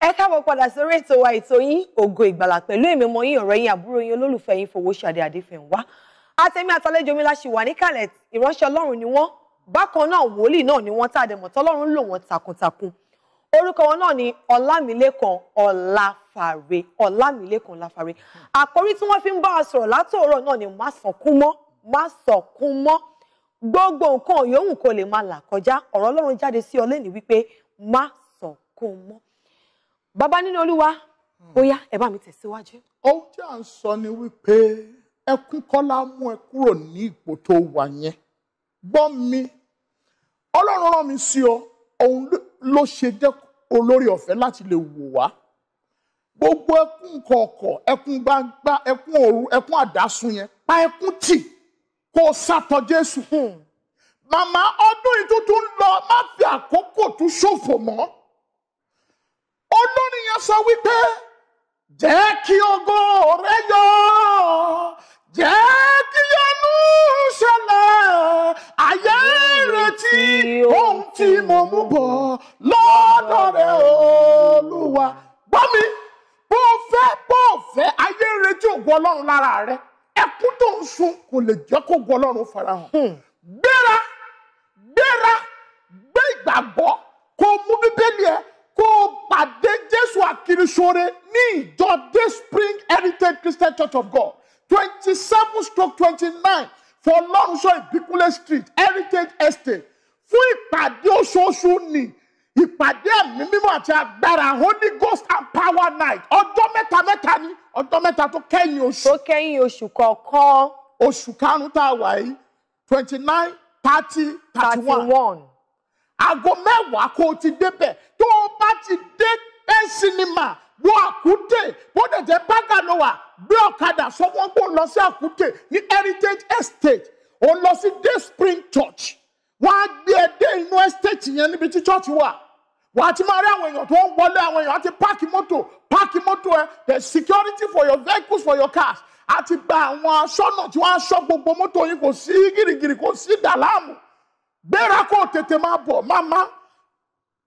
ẹ káàbọ̀ padà sórí ètò wa ètò yín ògo ìgbàlà pẹ̀lú èmi ọmọ yín ọ̀rẹ́ yín àbúrò yín olólùfẹ́ yín Fowóṣadé Adéfẹ̀nwá àtẹ̀mí àtàlejò mi la ṣì wà níkàlẹ̀ ìránṣẹ́ ọlọ́run ni wọ́n bákan náà wòlíì náà ni wọ́n tá a dẹ̀ mọ̀ tọ́lọ́run lò wọ́n takuntakun orúkọ wọn náà ni ọlámilẹ́kan ọláfàre ọlámilẹ́kan ọláfàre àkórí tí wọ́n fi ń bá wa sọ̀rọ̀ látòórọ̀ náà ni má sọkún mọ́ má sọkún mọ́ gbogbo nǹkan yòówù kó lè máa là kọjá ọ̀rọ̀ ọlọ́run jáde sí ọ lẹ́nu wípé má sọkún mọ́ bàbá nínú olúwa bóyá hmm. ẹ bá mi tẹ̀síwájú. ohun tí à ń sọ ni wípé ẹkún kọ́lá mú ẹ kúrò ní ipò tó wà yẹn gbọ́ mi ọlọ́run rán mi sí ọ òun ló ṣe jẹ́ olórí ọ̀fẹ́ láti lè wò wá gbogbo ẹkún kọ̀ọ̀kọ̀ ẹkún gbangba ẹkún òru ẹkún àdásùn yẹn pa ẹkún tì kó o sátọ jésù hmm. màmá ọdún yìí tuntun ń lọ má fi àkókò tún ṣòfò mọ́ yẹn sọ wípé jẹ́ kí ògo rẹ yọ jẹ́ kí yẹnu ṣẹlẹ̀ ayé retí ohun tí mo mú bọ̀ lọ́dọ̀ rẹ olúwa gbọ́ mi bó fẹ́ bó fẹ́ ayé retí ògo ọlọ́run lára rẹ ẹkún tó ń sun kò lè jẹ́ kó ògo ọlọ́run farahàn. Hmm. ìṣòro ní ìjọ Day Spring Heritage Christian Church of God twenty seven stroke twenty nine for show ìbíkúnlé street Heritage Estate fún ìpàdé oṣooṣù ní ìpàdé ẹ̀mí mímọ́ àti agbára Holy Ghost and Power Night ọjọ́ mẹ́ta mẹ́ta ni ọjọ́ mẹ́ta tó kẹ́yìn oṣù. tó kẹ́yìn oṣù kọ̀ọ̀kan. oṣù karùn-ún tá a wà yìí twenty nine thirty thirty one. aago mẹ́wàá kó o ti débẹ̀ tó o bá ti dé Indian cinema wo Àkútè bó dẹ̀ jẹ́ bága ló wà gbé ọ̀kadà sọ́wọ́n gbó lọ sí Àkútè ní Heritage Estate ó lọ sí Day Spring Church wọ́n á gbé ẹ dé inú estate yẹn níbi tí church wà wà á ti máa rí àwọn èèyàn tó ń wọlé àwọn èèyàn á ti páàkì mọ́tò páàkì mọ́tò ẹ the security for your vehicles for your cars á ti gba àwọn aṣọ́nà tí wọ́n aṣọ́ gbogbo mọ́tò yìí kò sí gìrìgìrì kò sí dàlámù gbéra kó tètè máa bọ̀ máma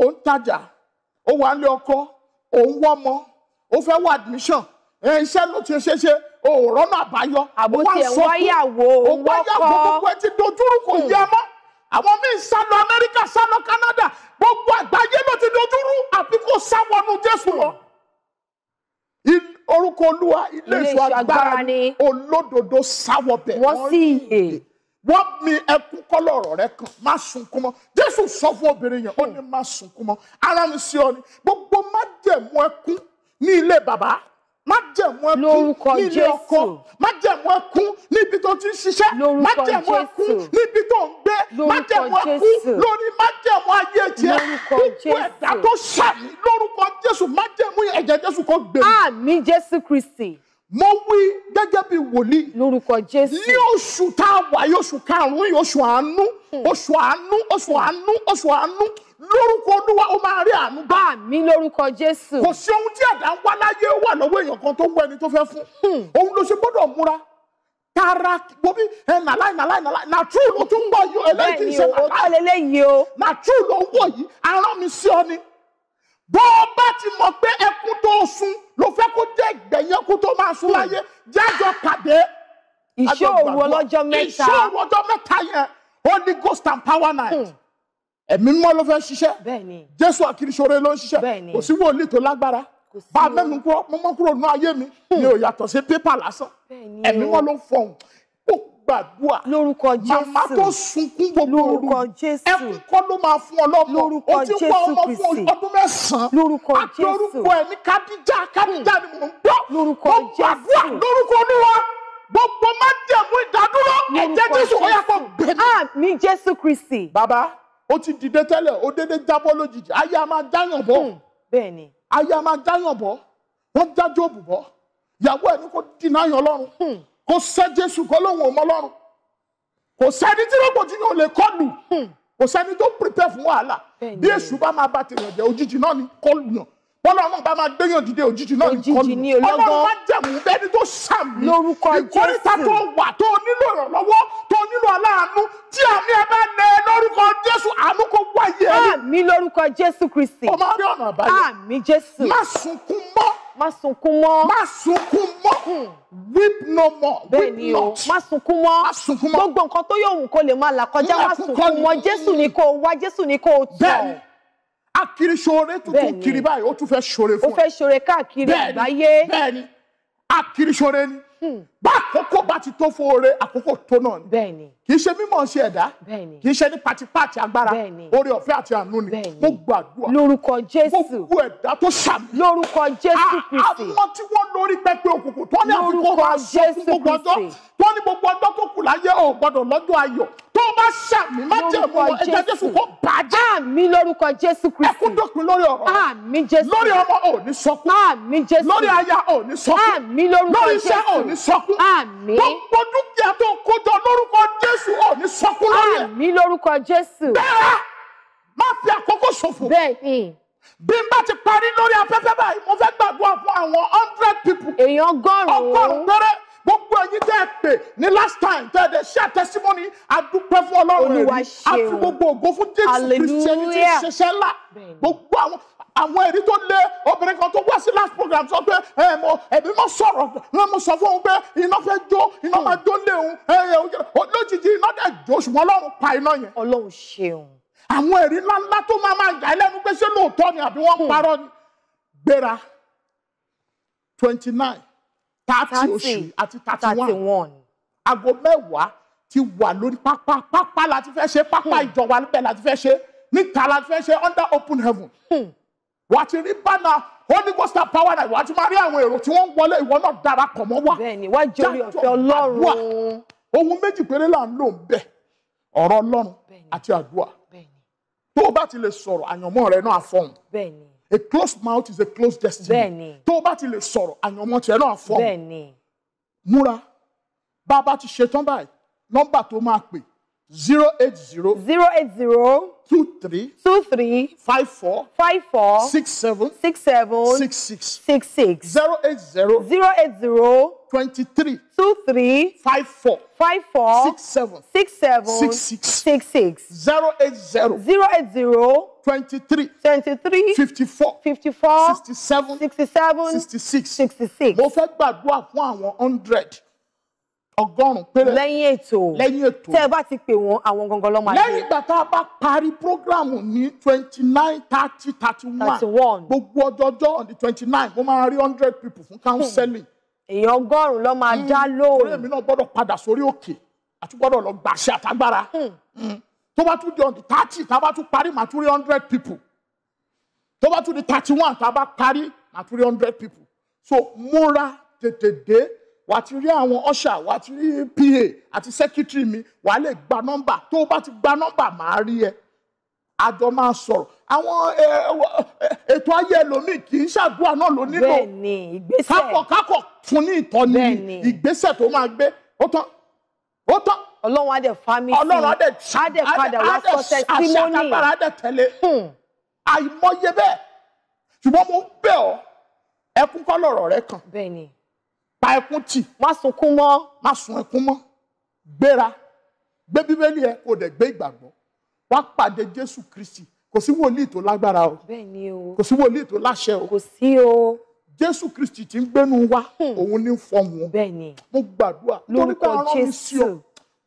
ó ń tajà ó wà ń lé ọkọ òun wọ́mọ ó fẹ́ wọ admission iṣẹ́ ló ti ṣe ṣe òòrọ́ náà àbáyọ. àbòtí ẹ̀ wáyàwó wọ́kọ̀ òwáyàwó gbogbo ẹ ti dojúrú kò hmm. yẹ mọ́ àwọn míì sá lọ Amẹ́ríkà sá lọ Canada gbogbo àgbáyé ló ti dojúrú àfi kò sá wọnú Jésù lọ hmm. orúkọ Olúwa ilé ìṣọ́ agbára ni olódodo sáwọbẹ wọ́n sì yè wọ́n mi ẹkún kọ́lọ́rọ̀ rẹ kan má sunkún mọ́ Jésù sọ fún obìnrin yẹn ó ní má sunkún mọ́ ara mi sí ọ ni gbogbo má jẹ̀mú ẹkún ní ilé bàbá má jẹ̀mú ẹkún ní ilé ọkọ má jẹ̀mú ẹkún níbi tó ti ń ṣiṣẹ́ má jẹ̀mú ẹkún níbi tó ń gbé má jẹ̀mú ẹkún lórí má jẹ̀mú ayé tiẹ̀ kúkú ẹ̀dá tó ṣàmì lórúkọ Jésù má jẹ̀mú ẹ̀jẹ̀ Jésù kó gbèrú. àmín Jésù Kristi mo wí gẹ́gẹ́ bí wòlíì. lórúkọ jésù. ní oṣù tá a wà yìí oṣù karùn-ún yìí oṣù àánú hmm. oṣù àánú oṣù àánú oṣù àánú lórúkọ olúwa ó máa rí àánú bá. àmín lórúkọ jésù. kò sí ohun tí ẹ̀dá ń wá láyé wà lọ́wọ́ èèyàn kan tó ń wọ ẹni tó fẹ́ fún. Hmm. òun ló ṣe gbọ́dọ̀ múra tara bobi ẹ nàlá nàlá nàlá nàtúù ló tún wọ yìí eléyìí ti ṣe nàlá. bẹ́ẹ̀ni o kọ́lé léyìí o. nàtúù ló yìí bó o bá ti mọ̀ pé ẹkún tó sun ló fẹ́ kó jẹ́ ìgbẹ̀yìn ẹkún tó máa sun láyé jájọ pàdé. ìṣòro ọlọ́jọ́ mẹ́ta ìṣòro ọjọ́ mẹ́ta yẹn holy ghost and power night. Hmm. ẹ̀mí mímọ́ ló fẹ́ ṣiṣẹ́ jésù àkìrìṣòro ló ń ṣiṣẹ́ kò sí wòlíì tó lágbára bá mẹ́nu kúrò mọ́mọ́ kúrò nínú ayé mi ni hmm. ò yàtọ̀ sí pépà lásán ẹ̀mí mímọ́ ló ń fọhùn gbàdúrà lórúkọ jésù màmá tó sunkún gbogbo òru ẹkún kọ́ ló máa fún ọlọ́mọ ó ti wá ọmọ fún ọdún mẹ́sàn-án lórúkọ jésù àdórúkọ ẹ̀ ní kádíjà kádíjà ni mò ń gbọ́ lórúkọ jésù lórúkọ olúwa gbogbo má jẹ̀mú ìdádúró ẹ̀jẹ̀ jésù ó yá kó gbẹ̀mí. Ah, àmì jésù kristi. bàbá ó ti dìde tẹ́lẹ̀ ó dédé jábọ́ lójijì ayé a máa jáyàn bọ́ hmm, bẹ́ẹ̀ni ayé a máa jáyàn bọ́ wọ́n já Jóòbù bọ́ ìyàwó ẹ̀ ní kó dínà yàn lọ́rùn hmm kò sẹ́ jésù kó lóun ò mọ ọlọ́run kò sẹ́ni tí rògbòdì yóò lè kọ́ lù hmm. kò sẹ́ni tó prepare fún wàhálà bí èṣù bá máa bá tèèyàn jẹ òjijì náà ni kọ́ lù yàn bọ́lá ọmọ bá máa gbéyàn dìde òjijì náà ní kọlù ọlọ́run máa jẹ̀mú bẹ́ni tó sàmì ìkórìtà tó wà tó nílò ìrànlọ́wọ́ tó nílò aláàánú tí àmì ẹ bá nẹ lórúkọ jésù àánú kò wáyé. àmì lórúkọ jésù kristi. ọmọ rí ọ̀nà àbáyọ àmì jésù. má sunkún mọ́ má sunkún mọ́. má sunkún mọ́ hmm. weep no more weep not. má sunkún mọ́ má sunkún mọ́ gbogbo nǹkan tó yóò wù kó lè máa là kọjá má sunkún mọ́ jésù ni kó o wá jésù ni kó o tọ̀. bẹ́ẹ̀ni akiri ṣoore tuntun kiri báyìí ó tún fẹ́ ṣoore fún ẹ. ó fẹ́ ṣoore káàkiri àgbáyé. bẹ́ẹ̀ni akiri ṣoore ni Hmm. bá àkókò bá ti tó fóore àkókò tó náà ni kì í ṣe mímọ̀ ṣe ẹ̀dá kì í ṣe ní pàtìpàtì agbára oore ọ̀fẹ́ àti àánú ni mo gbàdúrà lórúkọ Jésù gbogbo ẹ̀dá tó ṣàmì lórúkọ Jésù ah, Kristi àmọ́ tí wọ́n lórí pẹpẹ òkùnkùn tó ní àfikún máa sọ fún gbogbo ọjọ́ tó ní gbogbo ọjọ́ tó kù láyé ò gbọ́dọ̀ lọ́jọ́ ayọ̀ tó o bá ṣàmì má mú wọn jésù kó bàjẹ́. àmì lórúkọ jésù kristi. ẹkún dópin lórí ọ̀rọ̀. àmì jésù. lórí ọmọ ò ní sọkún. àmì jésù. lórí aya ò ní sọkún. àmì lórúkọ jésù. lórí iṣẹ́ ò ní sọkún. àmì. gbogbo dúkìá tó kójọ lórúkọ jésù ò ní sọkún lórí ẹ̀. àmì lórúkọ jésù. bẹ́ẹ̀ má fi àkókò ṣòfò. bẹ́ẹ̀ ni bí n bá ti parí lórí afẹ́fẹ́ báyìí mo fẹ́ gbàdúrà gbogbo ẹ̀yin tẹ́ ẹ pè ní last time tẹ́ ẹ dẹ̀ ṣe testimony adúpẹ́ fún ọlọ́run ẹ̀rí àti gbogbo ògo fún jésù kristi ẹni tí ńlá gbogbo àwọn àwọn ẹ̀rí tó lé obìnrin kan tó wá sí last program sọ pé ẹ mọ ẹ̀mí mọ sọ̀rọ̀ ẹ mọ sọ fún òun pé iná fẹ́ jó iná hmm. máa jó lé òun ẹ ẹ lójijì iná dẹ̀ jó ṣùgbọ́n ọlọ́run pa iná yẹn. ọlọ́run ṣeun. àwọn ẹ̀rí ńláńlá tó máa máa yà lẹ́nu pé ṣé lóòótọ́ ni àbí wọ́n hmm. parọ́ ni gbéra twenty nine thirty oṣù àti thirty one aago mẹ́wàá ti wà lórí pápá pápá la ti fẹ́ ṣe pápá hmm. ìjọba níbẹ̀ la ti fẹ́ ṣe níta la ti fẹ́ ṣe under open heaven hmm. wà á ti rí bánà holy ghost and power náà wà á ti máa rí àwọn èrò tí wọ́n ń wọlé ìwọ náà darapọ̀ mọ́ wa bẹ́ẹ̀ni wá jórí ọ̀fẹ́ ọlọ́run ohun méjì péré là ń lò ń bẹ̀ ọ̀rọ̀ ọlọ́run àti àdúrà tó o bá ti lè sọ̀rọ̀ àyànmọ́ rẹ náà fọ̀hún. bẹ́ẹ̀ni a closed mouth is a closed destiny. bẹ́ẹ̀ni tó o bá ti lè sọ̀rọ̀ àyànmọ́ tiẹ̀ náà fọ́ bẹ́ẹ̀ni múra bá a bá ti ṣetán báyìí nọ́mbà tó máa pè zero eight zero. zero eight zero. two three. two three. five four. five four. six seven. six seven. six six. six six. zero eight zero. zero eight zero. twenty three. two three. five four. five four. six seven. six seven. six six. six six. zero eight zero. zero eight zero. 23, 23, 54, 54, 67, 67, 66, 66. Mo fẹ́ gbàdúrà fún àwọn 100 ọgọ́rùn-ún péré. lẹ́yìn ètò lẹ́yìn ètò tẹ́ ẹ bá ti pè wọ́n àwọn gangan lọ́mọ àjẹ́. lẹ́yìn ìgbà tá a bá parí programu ní twenty nine thirty thirty one gbogbo ọjọọjọ́ on the twenty nine mo máa rí hundred people fún counseling. Hmm. èèyàn ọgọ́rùn-ún ló máa hmm. dá lóòrùn. eré mi náà gbọ́dọ̀ padà sórí òkè àti gbọ́dọ̀ lọ gbàṣẹ àtagbára. Hmm tó bá tún di on the thirty tá a bá tún parí màá tún rí hundred people tó bá tún di thirty one tá a bá parí màá tún rí hundred people so múra tètè dé wàá ti rí àwọn ọ̀ṣà wàá ti rí pa àti secretary mi wàá lè gba nọ́mbà tó bá ti gba nọ́mbà màá rí ẹ àjọ máa sọ̀rọ̀ àwọn ètò ayé ẹlòmíì kì í ṣàdúrà náà ló nílò kákọ̀kákọ̀ fún ní ìtọ́ni ìgbésẹ̀ tó máa gbé ó tán ó tán ọlọ́run á dẹ̀ fámi sí ọlọ́run á dẹ̀ tí á dẹ̀ padà wá sọ testimony àṣàkágbára á dẹ̀ tẹ̀lé hmm. àìmọye bẹ́ẹ̀ ṣùgbọ́n mo ń bẹ̀ ọ́ ẹkún kọ́ lọ̀rọ̀ rẹ kan bẹ́ẹ̀ni pa ẹkún tì má sunkún mọ́ má sun ẹkún mọ́ gbéra gbé bíbélì ẹ kò dẹ̀ gbé ìgbàgbọ́ wá pàdé jésù kristi kò sí wòlíì tó lágbára o bẹ́ẹ̀ni o kò sí wòlíì tó láṣẹ o kò sí o jésù kristi tí ń gbénu wá hmm. òun ní fọhùn bẹ́ẹ̀ni mo gbàdúrà lórúkọ jésù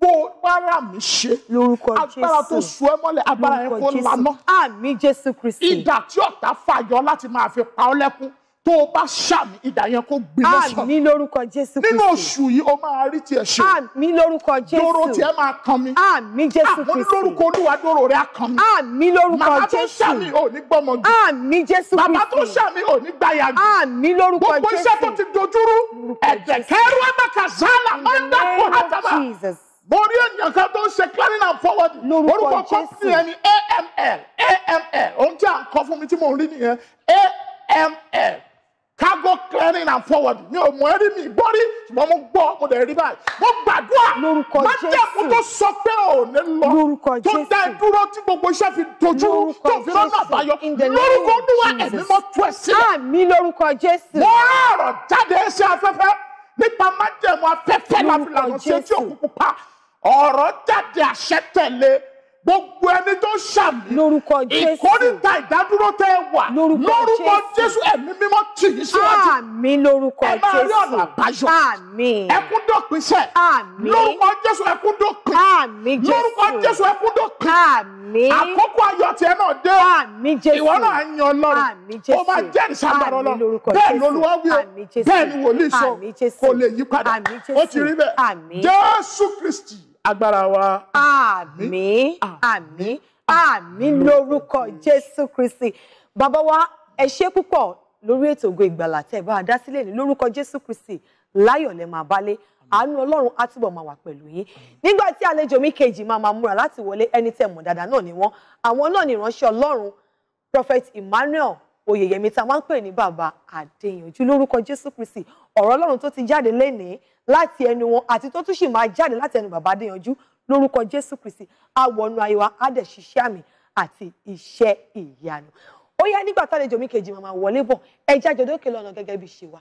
gbogbo bára mi ṣe. lórúkọ jésù agbára tó sùn ẹ mọ́lẹ̀ agbára yẹn kó laná. àmì jésù kristi. ìdà tí ọ̀tá fàyọ láti máa fi pa ọ́ lẹ́kún tó o bá ṣàmì ìdà yẹn kó gbiná sọ. àmì lórúkọ jésù kristi. nínú oṣù yìí o máa rí tiẹ̀ ṣe. àmì lórúkọ jésù. dòrò tiẹ̀ máa kan mi. àmì jésù ah, kristi. àmì lórúkọ olúwa dòrò rẹ̀ á kan mi. àmì lórúkọ jésù. màmá tó ṣàmì ò ní gbọ́mọ àmì jésù kristi. bàbá tó ṣàmì ò ní gbàyà àmì lórúkọ jésù. gbogbo iṣẹ́ tó ti dojúrú ẹ̀dẹ̀kẹ́rú ẹ̀ Borí ènìyàn kan tó ń ṣe clearing and forward. Lórúkọ kọ́mpìnì ẹni AML AML ohun tí à ń kọ́ fún mi tí mò ń rí nìyẹn AML cargo clearing and forward mi ò mọ ẹrí mi gbọ́rí ṣùgbọ́n mo gbọ́ mo dẹ̀ rí báyìí mo gbàdúrà lórúkọ jésù májèkú tó sọ pé ò ní lọ lórúkọ jésù tó dá ẹ dúró tí gbogbo iṣẹ́ fi dojú tó fi lọ́nà àbáyọ lórúkọ olúwa ẹ̀mí mọ́ tú ẹ sílẹ̀ àmì lórúkọ jésù mo rán ọ̀rọ̀ jáde sí afẹ́fẹ́ nípa májèmú afẹ́fẹ́ láfìlànà sí etí òkú pupa ọ̀rọ̀ jáde àṣẹ tẹ̀lé gboggbó ẹni tó ṣàmì lórúkọ jésù ìkórìtà ìdádúró tẹ wà lórúkọ jésù ẹ̀mí mímọ́ tì í síwájú àmín lórúkọ jésù ẹ máa rí ọ̀nà àbáyọ àmín ẹkún dópin sẹ lórúkọ jésù ẹkún dópin àmín jésù lórúkọ jésù ẹkún dópin àmín àkókò ayọ̀ tiẹ̀ náà dé àmín jésù ìwọ náà ń yan Ọlọ́run àmín jésù ó máa jẹ́rìí sábàrọ lọ bẹ́ẹ̀ lolúwa wí o bẹ́ẹ̀ ni wòlíì sọ kò lè yí agbára wa. àmín àmín àmín lórúkọ jésù kristi bàbá wa ẹ ṣé púpọ̀ lórí ètò ògo ìgbàlà tẹ́ bá a dá sílẹ̀ ní lórúkọ jésù kristi láyọ̀ lẹ máa bálé àánú ọlọ́run á túbọ̀ máa wà pẹ̀lú yín nígbà tí àlejò mi kejì máa máa múra láti wọlé ẹni tẹ́ mọ̀ dáadáa náà ni wọ́n àwọn náà ni ìránṣẹ́ ọlọ́run prophet emmanuel oyèyẹmí tá a máa ń pè ní bàbá adéyanjú lórúkọ jésù kristi ọ̀rọ̀ ọlọ́run tó ti jáde lénìí láti ẹnu wọn àti tó tún sì máa jáde láti ẹnu bàbá Adéyanjú lórúkọ Jésù Kristi àwọnú ayé wa á dẹ̀ ṣiṣẹ́ àmì àti iṣẹ́ ìyanu ó yá nígbà tálejò mi kejì màmá wọlé bọ̀ ẹ jájọ dókè lọ́nà gẹ́gẹ́ bí ṣe wa.